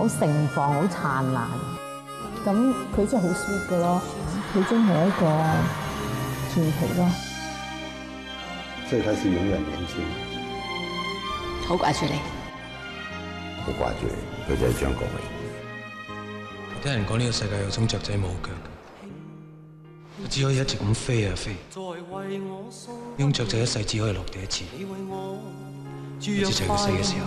好盛放，好燦爛，咁佢真係好 sweet 噶咯，佢真係一個傳奇咯。所以佢係永遠年輕。好掛住你。好掛住你，佢就係張國榮。聽人講呢個世界有種雀仔冇腳，只可以一直咁飛啊飛，因為雀仔一世只可以落地一次，甚至係佢死嘅時候。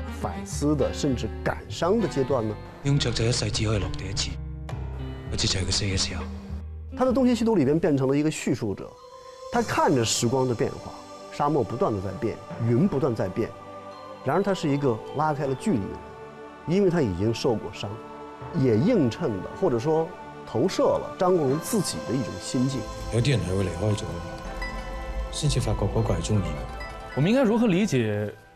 反思的，甚至感傷的階段呢？孔雀就一世只可以落地一次，而且就係佢死嘅時候。他的東邪西毒裏邊變成了一個敘述者，他看着時光的變化，沙漠不斷的在變，雲不斷在變。然而他是一個拉開了距離的人，因為他已經受過傷，也映襯了或者說投射了張國榮自己的一種心境。有電台會嚟話，就申請法官管管住你。我們應該如何理解？